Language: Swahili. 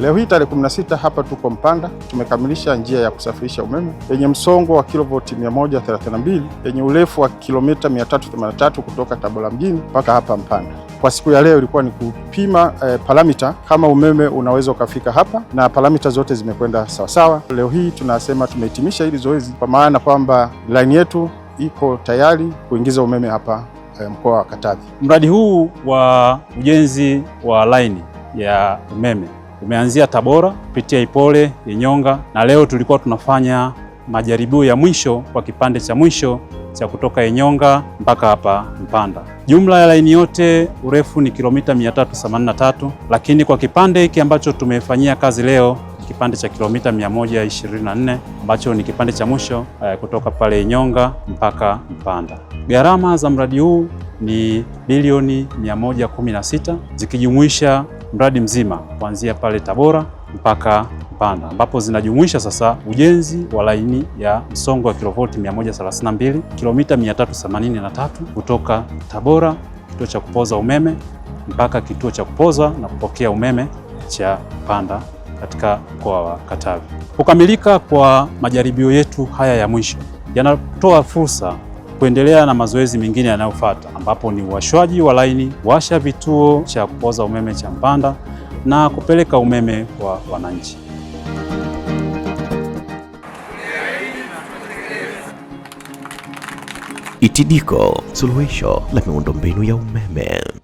Leo hii tarehe 16 hapa tuko Mpanda, tumekamilisha njia ya kusafirisha umeme yenye msongo wa kilovoti 132 yenye urefu wa kilomita 383 kutoka Tabora mjini mpaka hapa Mpanda. Kwa siku ya leo ilikuwa ni kupima eh, paramita kama umeme unaweza ukafika hapa, na paramita zote zimekwenda sawasawa. Leo hii tunasema tumehitimisha hili zoezi, kwa maana kwamba laini yetu iko tayari kuingiza umeme hapa eh, mkoa wa Katavi. Mradi huu wa ujenzi wa laini ya umeme umeanzia Tabora kupitia Ipole, Inyonga na leo tulikuwa tunafanya majaribio ya mwisho kwa kipande cha mwisho cha kutoka Inyonga mpaka hapa Mpanda. Jumla ya laini yote urefu ni kilomita 383, lakini kwa kipande hiki ambacho tumefanyia kazi leo kipande cha kilomita 124 ambacho ni kipande cha mwisho eh, kutoka pale Inyonga mpaka Mpanda. Gharama za mradi huu ni bilioni 116 zikijumuisha mradi mzima kuanzia pale Tabora mpaka Mpanda, ambapo zinajumuisha sasa ujenzi wa laini ya msongo wa kilovolti 132 kilomita 383 kutoka Tabora kituo cha kupoza umeme mpaka kituo cha kupoza na kupokea umeme cha Mpanda katika mkoa wa Katavi. Kukamilika kwa majaribio yetu haya ya mwisho yanatoa fursa kuendelea na mazoezi mengine yanayofuata ambapo ni uwashwaji wa laini, washa vituo cha kupoza umeme cha Mpanda na kupeleka umeme kwa wananchi. itidiko suluhisho la miundombinu ya umeme.